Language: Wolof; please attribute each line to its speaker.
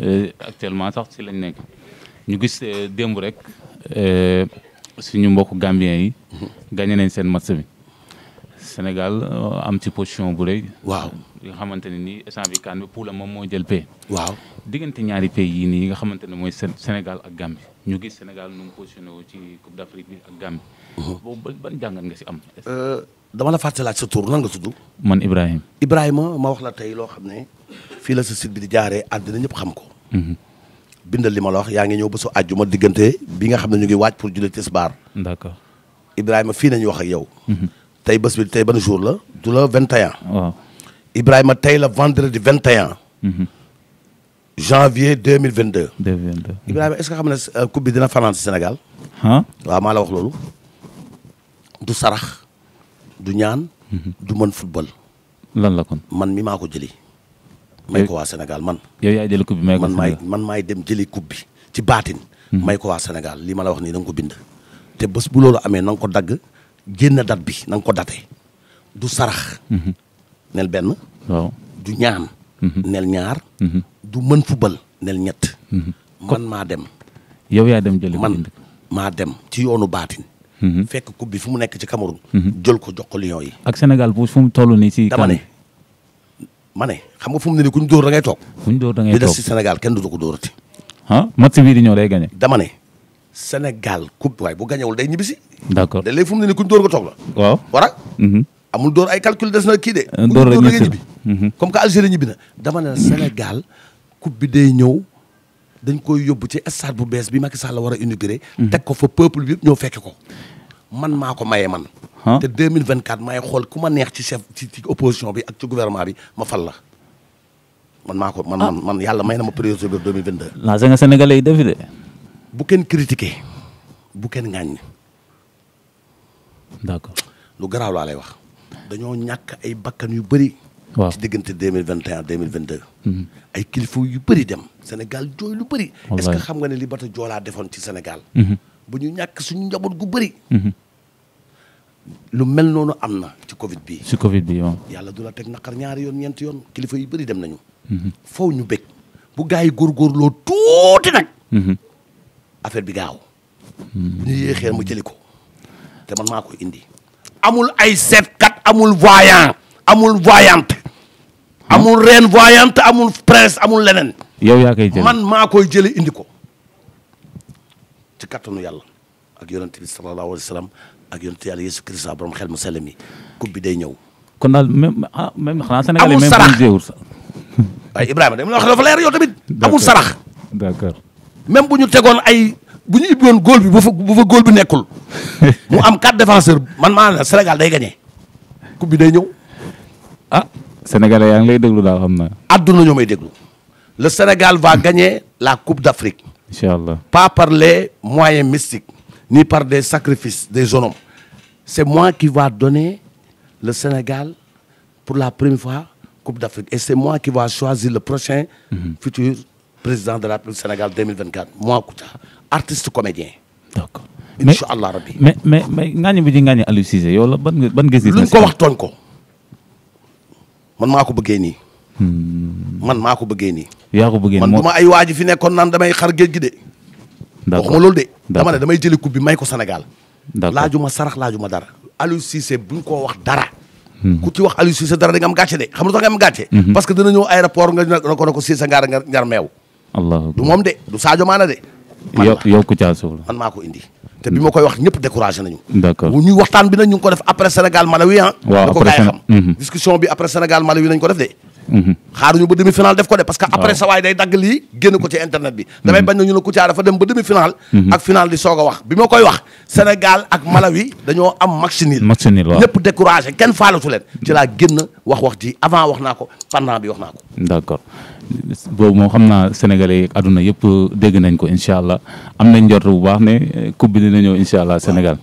Speaker 1: Euh, actuellement sax si lañ nekk ñu gis euh, démb rek euh, suñu mbokk Gambien yi. Mhm. gagné nañ seen match bi. Sénégal am ci position bu rëy. waaw nga xamante ne nii instant Poula moom moo jël paie. waaw diggante ñaari pays yii nii nga xamante ne mooy Sénégal ak Gambie ñu gis Sénégal nu
Speaker 2: mu ci Coupe d'Afrique bi ak Gambie. Mhm. boobu ban jàngat nga si am. dama la fàtte laaj sa tur nan nga tudd. man Ibrahima. Ibrahima ma wax la tey loo xam ne fii la sa site bi di jaaree àddina ñëpp xam ko. Mhm. bindal li ma la wax yaa ngi ñëw ba su àjjuma diggante bi nga xam ne ñu ngi waaj pour julli tisbaar. d'accord Ibrahima fii nañu wax ak yow. Mhm. tey bés bi tey ban jour la. du la Ibrahima tey la vendredi 21. Mhm. janvier 2022. 2022 Ibrahima est-ce que xam ne euh, coupe bi dina fanaan si Sénégal. ah waaw maa la wax loolu. du sarax. du ñaan. Mhm. du mën football. lan la kon man mi maa ko jëli. may ko waa senegal man. yow yaay jëli coupe bi may ko man maay man maay dem jëli coupe ci baatin. Mhm. may ko waa senegal li ma la wax nii danga ko bind. te bés bu loolu amee nanga nga ko dagg génn date bi nanga nga ko date du sarax. Mhm. nel benn. waaw du ñaan. nel ñaar. du mën football nel ñett. man maa dem. yow yaa dem jëli man maa dem ci yoonu baatin. Mhm. fekk coupe bi fu mu nekk ci Cameroun. Mhm. jël ko jox ko Lions yi.
Speaker 1: ak Sénégal bu fu mu toll nii
Speaker 2: si. dama ne ma ne xam nga fu ne nii ku ñu dóor da ngay toog. fu ñu dóor da ngay toog li si Sénégal kenn du ko dóorati. ah match bii di ñëw day gagné. dama ne Sénégal coupe waaye bu gagné wul day ñibbisi. d' accord léegi fu mu ne nii ku ñu la. waaw warak mhm. amul dóor ay calcul des na kii de. dóor la comme que Algérie ñibbi na dama ne Sénégal bi day ñëw. dañ koy yóbbu ci stade bu bees bi Macky la war a inauguré. Mhm. teg ko fa peuple bi ñoo fekk ko. man maa ko maye man. te 2024 maay xool ku ma neex ci chef ci ci opposition bi ak ci gouvernement bi ma fal la. man maa ko man man ah. man yàlla may na ma priorité bi 2022. lancé nga sénégalais yi defi de. bu kenn critiqué bu kenn ŋàññ. d' accord lu garaaw laa lay wax. dañoo ñàkk ay bakkan yu bëri. waaw ci diggante deux mille vingt et ay kilifa yu bëri dem senegal jooy lu bari est xam nga ne li bata joolaa defoon ci Sénégal mhm. ba ñu ñàkk suñu njaboot gu bëri mhm. lu mel noonu am na ci covid bi ci covid bi yàlla du la teg naqar ñaari yoon ñeenti yoon kilifa yu bëri dem nañu mhm. foofu ñu bëgg bu gars yi góorgóorloo tuuti nag affaire bi gaaw bu ñu yéexee mu jëli ko te man maa koy indi amul ay seetkat amul voyant amul voyante amul reine voyante amul prince amul leneen. yow yaa koy jël man maa koy jëlee indi ko. ci kattanu yàlla ak yonent bi sallallahu alayhi wa sallam ak yonent yàlla Yeesu Kirista borom xel mu sell mi coupe bi day ñëw. kon daal
Speaker 1: même ah même xanaa sénégalais même amul
Speaker 2: waaye Ibrahima dama la wax dafa leer yow tamit. sarax. même bu ñu tegoon ay bu ñu ibbi woon góol bu fa bu nekkul mu am quatre défenseurs man maa ne Sénégal day gagné coupe bi day ñëw
Speaker 1: ah. Sénégalais yaa ngi déglu daal xam naa.
Speaker 2: adduna ñoo may déglu. le Sénégal va gagner la Coupe d'Afrique. incha allah pas par les moyens mystiques ni par des sacrifices des hommes. c'est moi qui va donner le Sénégal pour la première fois Coupe d'Afrique et c'est moi qui va choisir le prochain. Mm -hmm. futur président de la République du Sénégal 2024 moi Kouta artiste comédien. d'accord incha
Speaker 1: mais mais mais Ngagne bi di Ngagne Aliou Cissé yow la ban ban gis-gis. luñ wax tooñ
Speaker 2: ko. man maa ko bëggee nii. Hmm. man maa ko bëggee nii.
Speaker 1: yaa ko bëggee man du ma
Speaker 2: ay waa ji fi nekkoon naan damay xar géej gi de.
Speaker 1: waxuma loolu de. dama ne damay
Speaker 2: jëli coupe bi may ko Sénégal. laajuma sarax laajuma dara. Aliou Cissé buñ koo wax dara. Hmm. ku ci wax Aliou Cissé dara di nga am gàcce de xam nga tax nga am gàcce. Hmm. parce que dana ñëw aéroport nga ne ko ne ko ngar meew. allah du moom de du Sadio Mané de.
Speaker 1: man yow yow Kouthia Show
Speaker 2: la maa ko indi. te bi moo koy wax ñëpp découragé nañu. d'accord waxtaan bi nag ñu ngi ko def après Sénégal Malawi ah. ko gaay xam. Mhm. discussion bi après Sénégal Malawi nañ ko def de. xaar xaaruñu ba demi final def ko de parce que après sawaay waay day dagg lii génn ko ci internet bi mm-hmm. damay bañ na ñu ne Kouthia dafa dem ba demi final mm-hmm. ak final di soog wax bi ma koy wax Sénégal ak Malawi dañoo am match nul match nul waaw kenn faalatu leen ci laa génn wax wax ji avant wax naa ko pendant bi wax naa ko
Speaker 1: d'accord boobu moom xam naa sénégalais yi àdduna yëpp dégg nañ ko incha allah am nañ njort bu baax ne coupe bi dina ñëw allah Sénégal